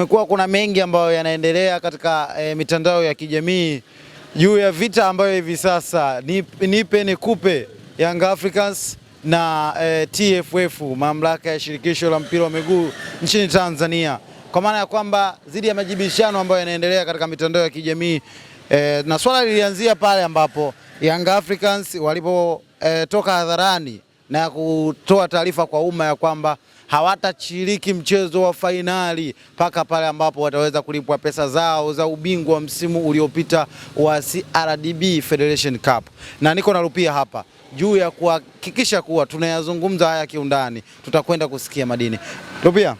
kumekuwa kuna mengi ambayo yanaendelea katika e, mitandao ya kijamii juu ya vita ambayo hivi sasa nipe, nipe nikupe Young Africans na e, eh, TFF mamlaka ya shirikisho la mpira wa miguu nchini Tanzania, kwa maana ya kwamba dhidi ya majibishano ambayo yanaendelea katika mitandao ya kijamii e, na swala lilianzia pale ambapo Young Africans walipotoka e, hadharani na kutoa taarifa kwa umma ya kwamba hawatashiriki mchezo wa fainali mpaka pale ambapo wataweza kulipwa pesa zao za ubingwa msimu uliopita wa CRDB Federation Cup. Na niko na rupia hapa juu ya kuhakikisha kuwa tunayazungumza haya kiundani, tutakwenda kusikia madini. Rupia,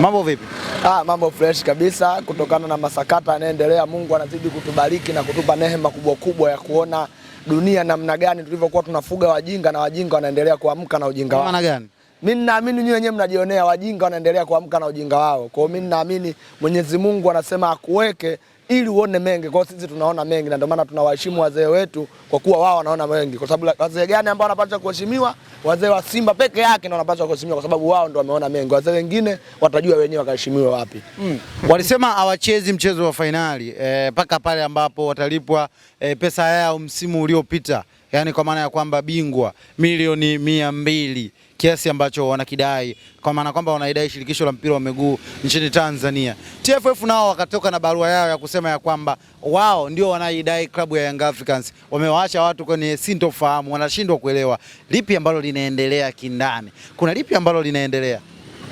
Mambo vipi? Ah, mambo fresh kabisa kutokana na masakata yanayoendelea. Mungu anazidi kutubariki na kutupa neema kubwa kubwa ya kuona dunia namna gani tulivyokuwa tunafuga wajinga na wajinga wanaendelea kuamka na ujinga wao. Gani? Mimi ninaamini nyinyi wenyewe mnajionea wajinga wanaendelea kuamka na ujinga wao. Kwa hiyo mimi ninaamini Mwenyezi Mungu anasema akuweke ili uone mengi. Kwa sisi tunaona mengi, na ndio maana tunawaheshimu wazee wetu kwa kuwa wao wanaona mengi. Kwa sababu wazee gani ambao wanapaswa kuheshimiwa? Wazee wa Simba peke yake ndio wanapaswa kuheshimiwa, kwa sababu wao ndio wameona mengi. Wazee wengine watajua wenyewe wakaheshimiwa wapi. Mm. Walisema hawachezi mchezo wa fainali eh, mpaka e, pale ambapo watalipwa e, pesa yao msimu uliopita, yaani kwa maana ya kwamba bingwa milioni mia mbili kiasi ambacho wanakidai, kwa maana kwamba wanaidai shirikisho la mpira wa miguu nchini Tanzania. TFF nao wakatoka na barua yao ya kusema ya kwamba wao ndio wanaidai klabu ya Young Africans, wamewaacha watu kwenye sintofahamu, wanashindwa kuelewa lipi ambalo linaendelea kindani, kuna lipi ambalo linaendelea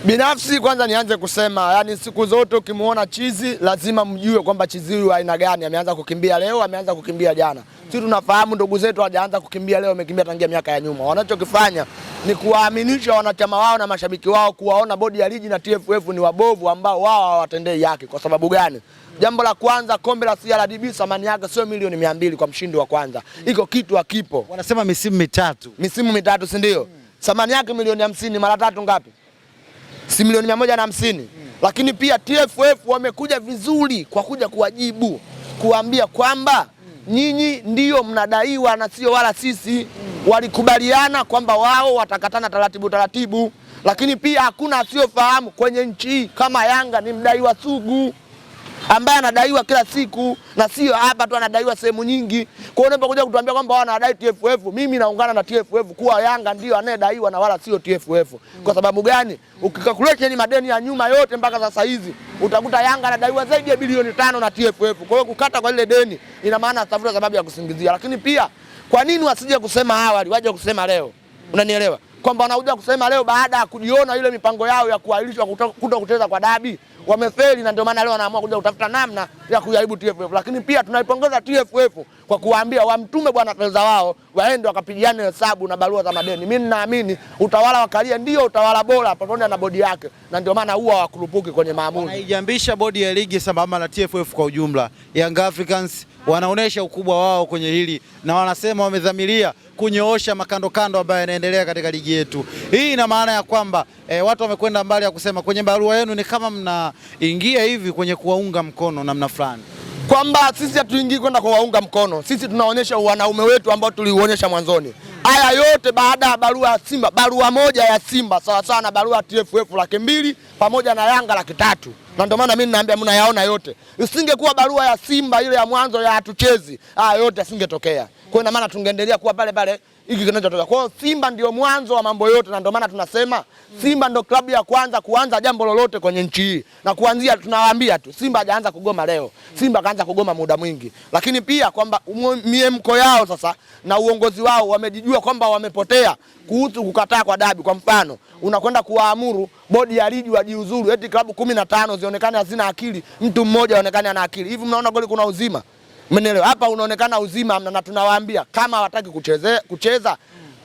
Binafsi kwanza nianze kusema yani, siku zote ukimuona chizi lazima mjue kwamba chizi huyu aina gani, ameanza kukimbia leo, ameanza kukimbia jana. Sisi tunafahamu ndugu zetu hajaanza kukimbia leo, amekimbia tangia miaka ya nyuma. Wanachokifanya ni kuwaaminisha wanachama wao na mashabiki wao, kuwaona bodi ya ligi na TFF ni wabovu ambao wao hawatendei yake. Kwa sababu gani? Jambo la kwanza, kombe la CRDB thamani yake sio milioni mia mbili kwa mshindi wa kwanza, iko kitu hakipo. Wanasema misimu mitatu, misimu mitatu, si ndio? Hmm. Thamani yake milioni hamsini, mara tatu ngapi? si milioni mia moja na hamsini mm. Lakini pia TFF wamekuja vizuri kwa kuja kuwajibu kuwaambia kwamba mm. nyinyi ndiyo mnadaiwa na sio wala sisi mm. Walikubaliana kwamba wao watakatana taratibu taratibu, lakini pia hakuna asiyofahamu kwenye nchi kama Yanga ni mdaiwa sugu ambaye anadaiwa kila siku na sio hapa tu, anadaiwa sehemu nyingi. Kwa hiyo unapokuja kutuambia kwamba wanadai TFF, mimi naungana na TFF kuwa Yanga ndio anayedaiwa na wala sio TFF. Kwa sababu gani? Ukikalkulate ni madeni ya nyuma yote mpaka sasa hizi utakuta Yanga anadaiwa zaidi ya bilioni tano na TFF. Kwa hiyo kukata kwa ile deni ina maana atafuta sababu ya kusingizia, lakini pia kwa nini wasije kusema awali, waje kusema leo? Unanielewa kwamba wanakuja kusema leo baada ya kujiona ile mipango yao ya kuahirishwa kuto kucheza kwa dabi wamefeli, na ndio maana leo wanaamua kuja kutafuta namna ya kujaribu TFF. Lakini pia tunaipongeza TFF kwa kuwaambia wamtume bwana fedha wao waende wakapigane hesabu na barua za madeni. Mimi ninaamini utawala wa Karia ndio utawala bora pamoja na bodi yake, na ndio maana huwa hawakurupuki kwenye maamuzi. Wanaijambisha bodi ya ligi sambamba na TFF kwa ujumla. Young Africans wanaonesha ukubwa wao kwenye hili na wanasema wamedhamiria kunyoosha makandokando ambayo yanaendelea katika ligi yetu. Hii ina maana ya kwamba e, watu wamekwenda mbali ya kusema kwenye barua yenu ni kama mnaingia hivi kwenye kuwaunga mkono namna fulani, kwamba sisi hatuingii kwenda kuwaunga mkono, sisi tunaonyesha wanaume wetu ambao tuliuonyesha mwanzoni. Haya yote baada ya barua ya Simba, barua moja ya Simba sawasawa na barua ya TFF laki mbili pamoja na Yanga laki tatu na ndio maana mimi ninaambia mnayaona yote. Isingekuwa barua ya Simba ile ya mwanzo ya hatuchezi, haya yote asingetokea. Kwa hiyo maana tungeendelea kuwa pale pale hiki kinachotokea. Kwa hiyo Simba ndio mwanzo wa mambo yote na ndio maana tunasema Simba ndio klabu ya kwanza kuanza jambo lolote kwenye nchi hii. Na kuanzia tunawaambia tu Simba hajaanza kugoma leo. Simba kaanza kugoma muda mwingi. Lakini pia kwamba miemko yao sasa na uongozi wao wamejijua kwamba wamepotea kuhusu kukataa kwa dabi. Kwa mfano, unakwenda kuwaamuru bodi ya ligi wajiuzuru eti klabu 15 zionekane hazina akili, mtu mmoja aonekane ana akili. Hivi mnaona goli kuna uzima? Umeelewa? Hapa unaonekana uzima na tunawaambia kama hawataki kucheze, kucheza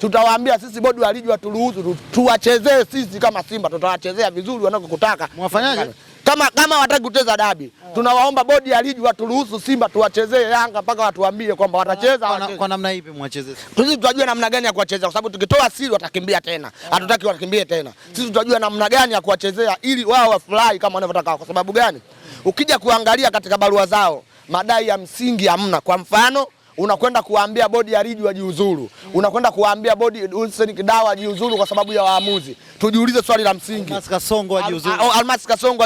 tutawaambia sisi bodi wa ligi waturuhusu tuwachezee sisi kama Simba tutawachezea vizuri wanakokutaka. Mwafanyaje? Kama kama hawataki kucheza dabi, oh. tunawaomba bodi ya ligi waturuhusu Simba tuwachezee Yanga mpaka watuambie kwamba watacheza kwa, kwa namna ipi mwacheze. Sisi tutajua namna gani ya kuwachezea kwa sababu tukitoa siri watakimbia tena. Oh. Hatutaki wakimbie tena. Sisi tutajua namna gani ya kuwachezea ili wao wafurahi kama wanavyotaka kwa sababu gani? Hmm. Ukija kuangalia katika barua zao madai ya msingi hamna. Kwa mfano unakwenda kuwaambia bodi ya ligi wajiuzuru, unakwenda kuwaambia bodi Wilson Kidao wajiuzuru kwa sababu ya waamuzi. Tujiulize swali la msingi, Almasi Kasongo wajiuzuru, Almasi Kasongo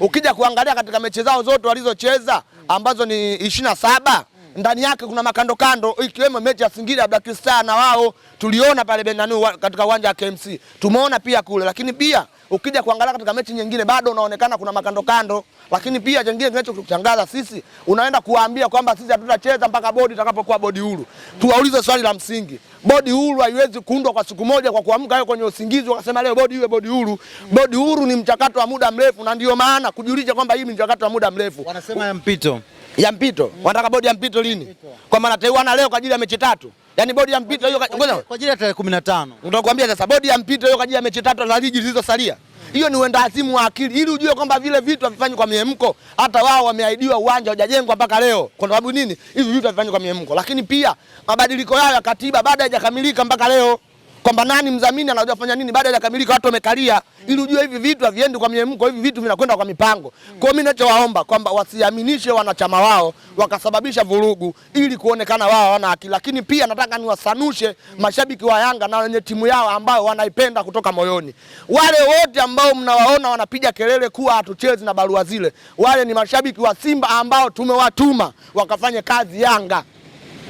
Ukija kuangalia katika mechi zao zote walizocheza ambazo ni ishirini na saba ndani yake kuna makandokando ikiwemo mechi ya Singida Black Star na wao tuliona pale Benanu katika uwanja wa KMC, tumeona pia kule, lakini pia Ukija kuangalia katika mechi nyingine bado unaonekana kuna makando kando, lakini pia jengine kinachokutangaza sisi, unaenda kuwaambia kwamba sisi hatutacheza mpaka bodi itakapokuwa bodi huru. Tuwaulize swali la msingi, bodi huru haiwezi kuundwa kwa siku moja kwa kuamka kwenye usingizi wakasema leo bodi iwe bodi huru. Bodi huru ni mchakato wa muda mrefu, na ndio maana kujulisha kwamba hii ni mchakato wa muda mrefu, wanasema ya mpito ya mpito, wanataka bodi ya mpito lini? Kwa maana teuana leo kwa ajili ya mechi tatu. Yaani bodi ya mpito hiyo kwa ajili ya tarehe 15. Utakwambia sasa bodi ya mpito hiyo kwa ajili ya mechi tatu za ligi zilizosalia. Hiyo ni uenda azimu wa akili ili ujue kwamba vile vitu havifanywi kwa miemko. Hata wao wameahidiwa uwanja hujajengwa mpaka leo. Kwa sababu nini? Hivi vitu havifanywi kwa miemko. Lakini pia mabadiliko yao ya katiba bado hayajakamilika mpaka leo kwamba nani mdhamini anajua kufanya nini, baada ya kamilika watu wamekalia, ili ujue hivi vitu haviendi kwa mnyemko, hivi vitu vinakwenda kwa mipango. Mm. Kwa hiyo mimi ninachowaomba kwamba wasiaminishe wanachama wao wakasababisha vurugu ili kuonekana wao wana haki, lakini pia nataka niwasanushe mm. mashabiki wa Yanga na wenye timu yao ambao wanaipenda kutoka moyoni. Wale wote ambao mnawaona wanapiga kelele kuwa hatuchezi na barua zile, wale ni mashabiki wa Simba ambao tumewatuma wakafanye kazi Yanga.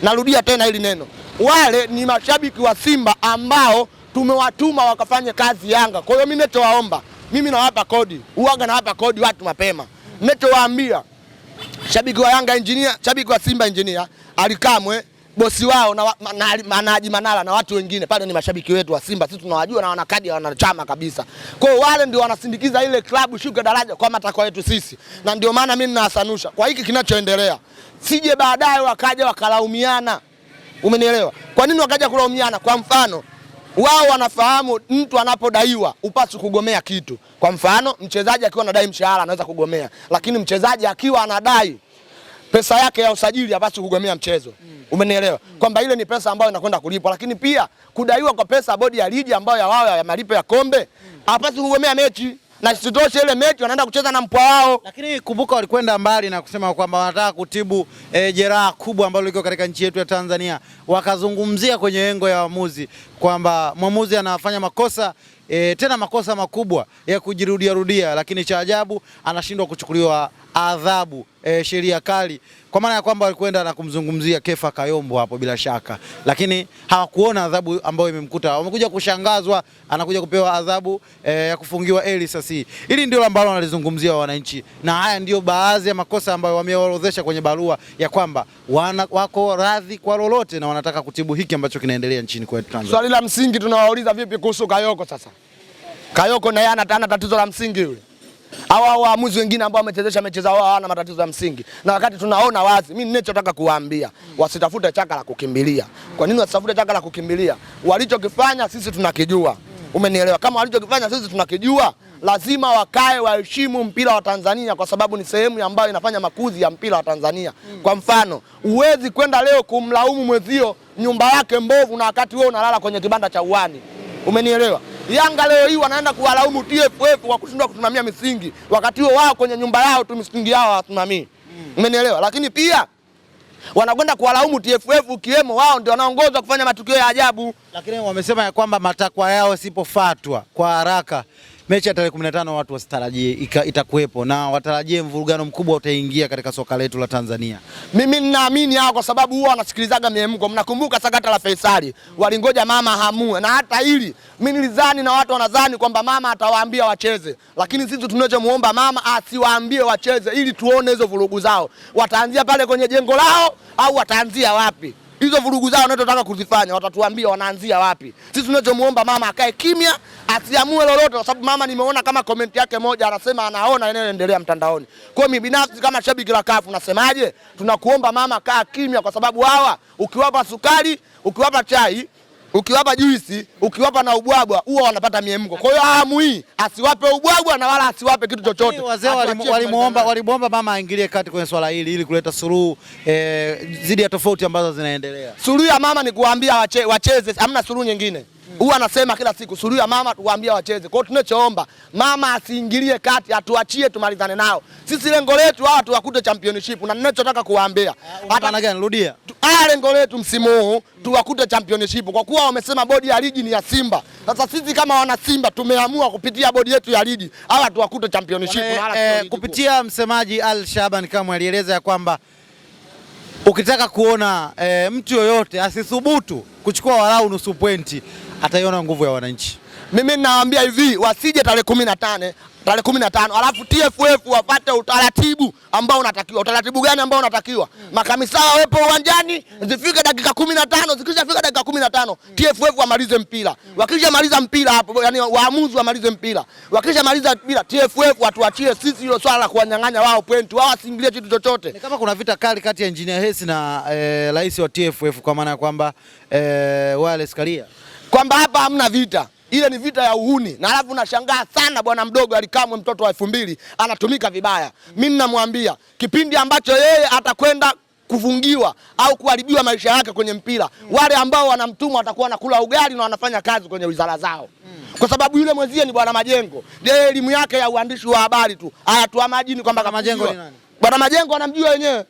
Narudia tena hili neno wale ni mashabiki wa Simba ambao tumewatuma wakafanye kazi Yanga. Kwa hiyo mimi netowaomba, mimi nawapa kodi, uwaga nawapa kodi watu mapema, netowaambia shabiki wa Yanga engineer, shabiki wa Simba engineer alikamwe bosi wao na Manaji Manala na watu wengine pale ni mashabiki wetu wa Simba, sisi tunawajua na wana kadi wanachama kabisa. Kwa hiyo wale ndio wanasindikiza ile klabu shuka daraja kwa matakwa yetu sisi, na ndio maana mimi ninawasanusha kwa hiki kinachoendelea, sije baadaye wakaja wakalaumiana. Umenielewa? Kwa nini wakaja kulaumiana? Kwa mfano wao wanafahamu mtu anapodaiwa upaswi kugomea kitu. Kwa mfano mchezaji akiwa anadai mshahara anaweza kugomea, lakini mchezaji akiwa anadai pesa yake ya usajili hapaswi kugomea mchezo. Umenielewa? Kwamba ile ni pesa ambayo inakwenda kulipwa, lakini pia kudaiwa kwa pesa bodi ya ligi ambayo ya wao ya malipo ya kombe hapaswi kugomea mechi na sitoshe ile mechi wanaenda kucheza na mpwa wao. Lakini kumbuka walikwenda mbali na kusema kwamba wanataka kutibu e, jeraha kubwa ambalo liko katika nchi yetu ya Tanzania. Wakazungumzia kwenye engo ya waamuzi kwamba mwamuzi anafanya makosa e, tena makosa makubwa ya kujirudia rudia lakini cha ajabu anashindwa kuchukuliwa adhabu e, sheria kali, kwa maana ya kwamba walikwenda na kumzungumzia Kefa Kayombo hapo bila shaka, lakini hawakuona adhabu ambayo imemkuta. Wamekuja kushangazwa, anakuja kupewa adhabu e, ya kufungiwa eli. Sasa hili ndio ambalo wanalizungumzia wananchi, na haya ndio baadhi ya makosa ambayo wameorodhesha kwenye barua ya kwamba wana, wako radhi kwa lolote na wanataka kutibu hiki ambacho kinaendelea nchini kwetu Tanzania. Swali la msingi tunawauliza, vipi kuhusu Kayoko sasa? Kayoko na yeye ana tatizo la msingi yule hawa waamuzi wengine ambao wamechezesha mechi zao hawana matatizo ya msingi, na wakati tunaona wazi. Mimi ninachotaka kuwaambia wasitafute chaka la kukimbilia. Kwa nini wasitafute chaka la kukimbilia? Walichokifanya sisi tunakijua, umenielewa? Kama walichokifanya sisi tunakijua, lazima wakae waheshimu mpira wa Tanzania, kwa sababu ni sehemu ambayo inafanya makuzi ya mpira wa Tanzania. Kwa mfano, huwezi kwenda leo kumlaumu mwezio nyumba yake mbovu, na wakati wewe unalala kwenye kibanda cha uani umenielewa? Yanga leo hii wanaenda kuwalaumu TFF kwa kushindwa kusimamia misingi, wakati huo wao kwenye nyumba yao tu misingi yao hawasimamii. Mm. Umenielewa? Lakini pia wanakwenda kuwalaumu TFF ukiwemo wao ndio wanaongoza kufanya matukio ya ajabu. Lakini wamesema ya kwamba matakwa yao yasipofuatwa kwa haraka mechi ya tarehe 15 watu wasitarajie itakuwepo, na watarajie mvurugano mkubwa utaingia katika soka letu la Tanzania. Mimi ninaamini hapo, kwa sababu huwa wanasikilizaga miemko. Mnakumbuka sakata la Faisali, walingoja mama hamue, na hata hili mimi nilizani na watu wanadhani kwamba mama atawaambia wacheze, lakini sisi tunachomuomba mama asiwaambie wacheze, ili tuone hizo vurugu zao wataanzia pale kwenye jengo lao au wataanzia wapi hizo vurugu zao wanazotaka kuzifanya, watatuambia wanaanzia wapi. Sisi tunachomuomba mama akae kimya, asiamue lolote, kwa sababu mama, nimeona kama komenti yake moja, anasema anaona inayoendelea mtandaoni. Kwa hiyo mimi binafsi kama shabiki la kafu nasemaje, tunakuomba mama, kaa kimya, kwa sababu hawa ukiwapa sukari, ukiwapa chai ukiwapa juisi ukiwapa na ubwabwa huwa wanapata miemko. Kwa hiyo aamui asiwape ubwabwa na wala asiwape kitu chochote. Wazee walimuomba walimuomba mama aingilie kati kwenye swala hili ili kuleta suluhu eh, zidi ya tofauti ambazo zinaendelea. Suluhu ya mama ni kuwaambia wache, wacheze, hamna suluhu nyingine huwa anasema kila siku suluhu ya mama tuwaambia wacheze. Kwa hiyo tunachoomba mama asiingilie kati, atuachie tumalizane nao. Sisi lengo letu hawa tuwakute championship, na ninachotaka kuwaambia eh, hata na gani rudia, haya ah, lengo letu msimu huu tuwakute championship, kwa kuwa wamesema bodi ya ligi ni ya Simba. Sasa sisi kama wana Simba tumeamua kupitia bodi yetu ya ligi hawa tuwakute championship eh, na kupitia msemaji Al Shaban kama alieleza ya kwamba ukitaka kuona e, mtu yoyote asithubutu kuchukua walau nusu pointi ataiona nguvu ya wananchi. Mimi ninawaambia hivi wasije tarehe kumi na tano tarehe kumi na tano alafu TFF wapate utaratibu ambao unatakiwa. Utaratibu gani ambao unatakiwa? Hmm. Makamisa wawepo uwanjani zifike dakika kumi na tano zikishafika dakika kumi na tano hmm. TFF wamalize mpira, hmm. wakishamaliza mpira hapo, yani waamuzi wamalize mpira, wakishamaliza mpira TFF watuachie sisi hilo swala la kuwanyang'anya wao point, wao asiingilie kitu chochote. Ni kama kuna vita kali kati ya Engineer Hersi na eh, rais wa TFF kwa maana ya kwamba eh, Wallace Karia kwamba hapa hamna vita, ile ni vita ya uhuni. Na alafu nashangaa sana bwana mdogo Alikamwe, mtoto wa elfu mbili anatumika vibaya. Mimi namwambia kipindi ambacho yeye atakwenda kufungiwa au kuharibiwa maisha yake kwenye mpira mm. Wale ambao wanamtuma watakuwa wanakula ugali na wanafanya kazi kwenye wizara zao mm. Kwa sababu yule mwenzie ni bwana Majengo, ndiye elimu yake ya uandishi wa habari tu ayatua majini kwamba Majengo ni nani. Bwana Majengo wanamjua wenyewe,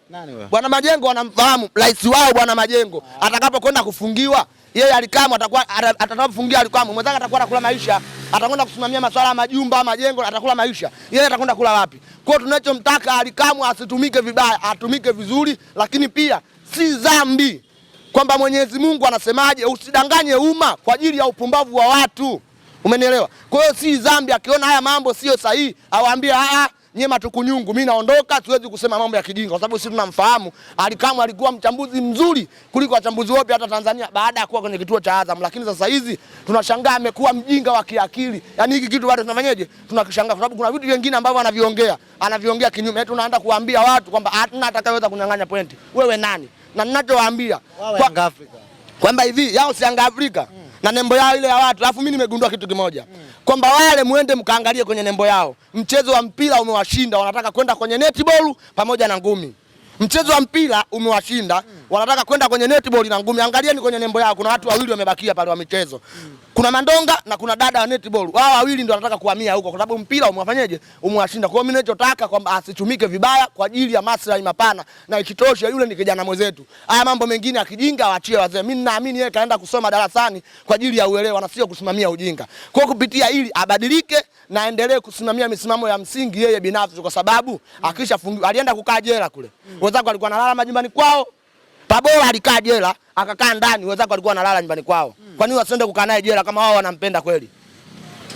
bwana Majengo anamfahamu rais wao, bwana Majengo ah. atakapokwenda kufungiwa yeye alikamu atakuwa atakapofungia alikamu mwenzake atakuwa anakula maisha, atakwenda kusimamia masuala ya majumba, majengo, atakula maisha, yeye atakwenda kula wapi? Kwa hiyo tunachomtaka alikamu asitumike vibaya, atumike vizuri, lakini pia si dhambi kwamba Mwenyezi Mungu anasemaje, usidanganye umma kwa ajili ya upumbavu wa watu, umenielewa? Kwa hiyo si dhambi, akiona haya mambo sio sahihi awaambie a nyie matukunyungu, mimi naondoka. Siwezi kusema mambo ya kijinga kwa sababu sisi tunamfahamu Alikamwe. Alikuwa mchambuzi mzuri kuliko wachambuzi wote hata Tanzania baada ya kuwa kwenye kituo cha Azam, lakini sasa hizi tunashangaa amekuwa mjinga wa kiakili. Yani hiki kitu bado tunafanyaje? Tunakishangaa kwa sababu kuna vitu vingine ambavyo anaviongea, anaviongea kinyume. Yaani Tunaenda kuambia watu kwamba hatuna atakayeweza kunyang'anya pointi. Wewe nani? Na ninachowaambia kwa Afrika kwamba hivi yao si Yanga Afrika mm. na nembo yao ile ya watu. Alafu mimi nimegundua kitu kimoja mm kwamba wale mwende mkaangalie kwenye nembo yao. Mchezo wa mpira umewashinda, wanataka kwenda kwenye netball pamoja na ngumi. Mchezo wa mpira umewashinda, wanataka kwenda kwenye netball na ngumi. Angalieni kwenye nembo yao, kuna watu wawili wamebakia pale wa michezo kuna Mandonga na kuna dada wa netball. Wao wawili ndio wanataka kuhamia huko kwa sababu mpira umwafanyeje? Umwashinda. Kwa hiyo mimi ninachotaka kwamba asichumike vibaya kwa ajili ya maslahi mapana na ikitosha yule ni kijana mwenzetu. Haya mambo mengine akijinga waachie wazee. Mimi ninaamini yeye kaenda kusoma darasani kwa ajili ya uelewa na sio kusimamia ujinga. Kwa kupitia hili abadilike na aendelee kusimamia misimamo ya msingi yeye binafsi kwa sababu mm. fungi, alienda kukaa jela kule. Mm. Wenzako alikuwa analala majumbani kwao. Pabola alikaa jela akakaa ndani, wenzako alikuwa analala nyumbani kwao. Mm. Kwa nini wasiende kukaa naye jela kama wao wanampenda kweli?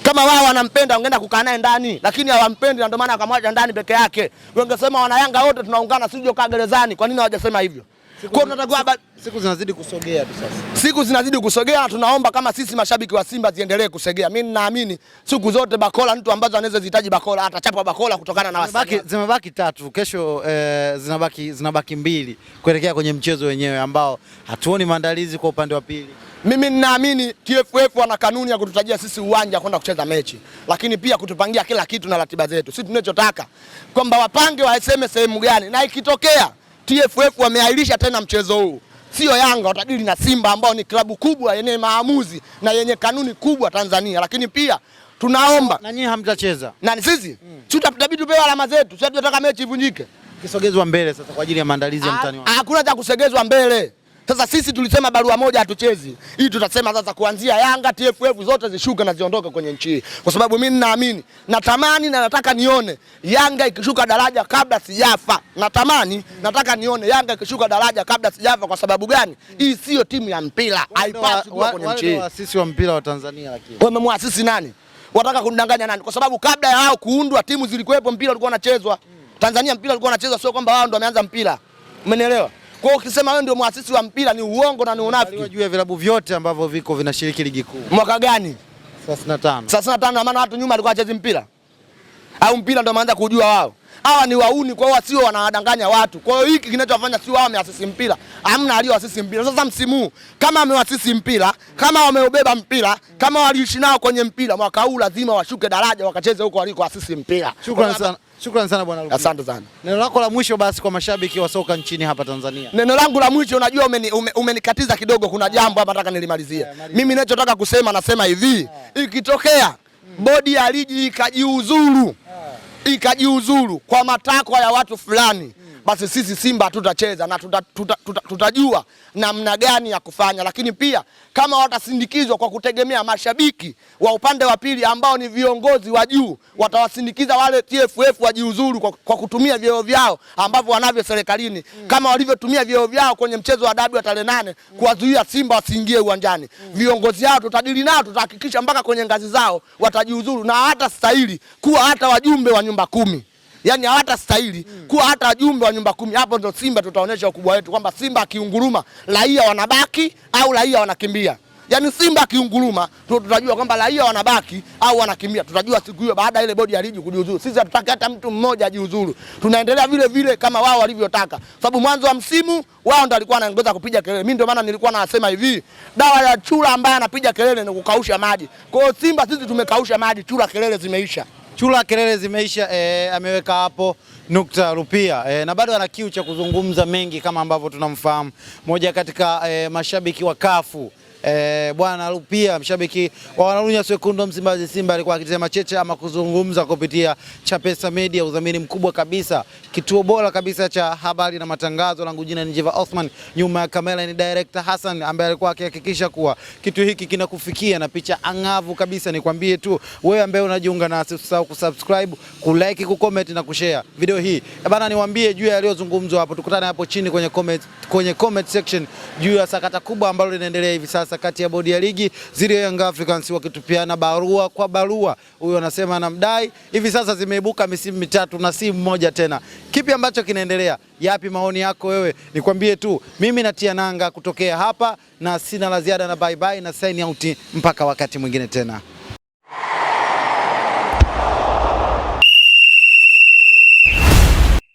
Kama wao wanampenda wangeenda kukaa naye ndani, lakini hawampendi na ndio maana akamwacha ndani peke yake. Wangesema wana Yanga wote tunaungana, sije kaa gerezani. Kwa nini hawajasema hivyo? Kwa tunatakiwa siku siku, siku zinazidi kusogea tu sasa. Siku zinazidi kusogea, na tunaomba kama sisi mashabiki wa Simba ziendelee kusogea. Mimi ninaamini siku zote Bakola mtu ambazo anaweza zihitaji Bakola atachapwa Bakola kutokana na wasanii. Zimebaki tatu kesho eh, zinabaki zinabaki mbili kuelekea kwenye mchezo wenyewe ambao hatuoni maandalizi kwa upande wa pili. Mimi ninaamini TFF wana kanuni ya kututajia sisi uwanja kwenda kucheza mechi, lakini pia kutupangia kila kitu na ratiba zetu. Sisi tunachotaka kwamba wapange waseme sehemu gani, na ikitokea TFF wameahirisha tena mchezo huu, sio Yanga watadili na Simba ambao ni klabu kubwa yenye maamuzi na yenye kanuni kubwa Tanzania, lakini pia tunaomba na nyinyi hamtacheza na sisi mm, tutabidi tupewe alama zetu, sio tunataka mechi ivunjike, kisogezwa mbele sasa kwa ajili ya maandalizi ya mtani wao. Hakuna cha kusogezwa mbele. Sasa sisi tulisema barua moja hatuchezi. Hii tutasema sasa kuanzia Yanga TFF zote zishuke na ziondoke kwenye nchi hii. Kwa sababu mimi ninaamini, natamani na nataka nione Yanga ikishuka daraja kabla sijafa. Natamani, nataka nione Yanga ikishuka daraja kabla sijafa kwa sababu gani? Hii sio timu ya mpira, haipaswi kuwa kwenye nchi hii. Waasisi wa mpira wa Tanzania lakini. Wamemwasisi nani? Wataka kunidanganya nani? Kwa sababu kabla ya hao kuundwa timu zilikuwepo, mpira ulikuwa unachezwa. Hmm. Tanzania mpira ulikuwa unachezwa, sio kwamba wao ndio wameanza mpira. Umenielewa? Kwa ukisema wewe ndio muasisi wa mpira ni uongo na ni unafiki. Unajua vilabu vyote ambavyo viko vinashiriki ligi kuu. Mwaka gani? 35. 35 maana watu nyuma walikuwa wachezi mpira au mpira ndio maanza kujua wao hawa ni wauni, kwa hiyo sio wanawadanganya watu. Kwa hiyo hiki kinachofanya si wao wameasisi mpira, hamna aliyoasisi mpira. Sasa msimu huu kama wameasisi mpira, kama wameubeba mpira, kama waliishi nao kwenye mpira, mwaka huu lazima washuke daraja wakacheze huko walikoasisi mpira. Shukrani sana. Shukrani sana bwana Lukuvi. Asante sana. Neno lako la mwisho basi kwa mashabiki wa soka nchini hapa Tanzania. Neno langu la mwisho unajua umenikatiza ume, ume kidogo kuna jambo hapa nataka nilimalizie. Yeah, mimi ninachotaka kusema nasema hivi, yeah. Ikitokea bodi ya ligi ikajiuzuru ikajiuzuru kwa matakwa ya watu fulani basi sisi Simba hatutacheza na tuta, tuta, tuta, tutajua namna gani ya kufanya, lakini pia kama watasindikizwa kwa kutegemea mashabiki wa upande wa pili ambao ni viongozi wa juu, watawasindikiza wale TFF wajiuzuru kwa, kwa kutumia vyeo vyao ambavyo wanavyo serikalini mm. kama walivyotumia vyeo vyao kwenye mchezo wa dabi wa tarehe nane mm. kuwazuia Simba wasiingie uwanjani mm. viongozi hao tutadili nao, tutahakikisha mpaka kwenye ngazi zao watajiuzuru na hata stahili kuwa hata wajumbe wa nyumba kumi yani hata hawatastahili mm. kuwa hata jumbe wa nyumba kumi. Hapo ndo Simba tutaonyesha ukubwa wetu kwamba Simba akiunguruma raia wanabaki au raia wanakimbia. Yani Simba akiunguruma tutajua kwamba raia wanabaki au wanakimbia. Tutajua siku hiyo baada ile bodi ya ligi kujiuzuru. Sisi hatutaki hata mtu mmoja ajiuzuru. Tunaendelea vile vile kama wao walivyotaka. Sababu mwanzo wa msimu wao ndo alikuwa anaongoza kupiga kelele. Mimi ndio maana nilikuwa nasema hivi, dawa ya chura ambaye anapiga kelele ni kukausha maji. Kwa hiyo Simba sisi tumekausha maji, chura kelele zimeisha. Chula kelele zimeisha, e, ameweka hapo nukta Rupia e, na bado ana kiu cha kuzungumza mengi kama ambavyo tunamfahamu, moja katika e, mashabiki wa Kafu E, bwana Rupia mshabiki wa wanarunya Wekundu wa Msimbazi Simba alikuwa akitema cheche ama kuzungumza kupitia Chapesa Media, udhamini mkubwa kabisa, kituo bora kabisa cha habari na matangazo. Langu jina ni Jeva Osman, nyuma ya kamera ni director Hassan ambaye alikuwa akihakikisha kuwa kitu hiki kinakufikia na picha angavu kabisa. Nikwambie tu wewe ambaye unajiunga nasi usisahau kusubscribe, kulike, kucomment na kushare video hii. E, bana niwaambie juu ya yaliyozungumzwa hapo, tukutane hapo chini kwenye comment, kwenye comment section juu ya sakata kubwa ambalo linaendelea hivi sasa siasa kati ya bodi ya ligi zile Young Africans wakitupiana barua kwa barua, huyu anasema anamdai. Hivi sasa zimeibuka misimu mitatu na si mmoja tena. Kipi ambacho kinaendelea? Yapi maoni yako wewe? Nikwambie tu mimi natia nanga kutokea hapa, na sina la ziada na bye bye na sign out mpaka wakati mwingine tena.